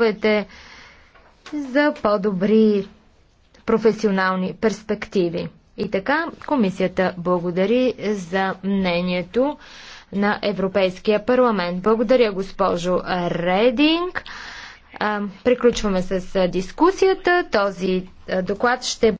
рисковете за по-добри професионални перспективи. И така, комисията благодари за мнението на Европейския парламент. Благодаря, госпожо Рединг. Приключваме с дискусията. Този доклад ще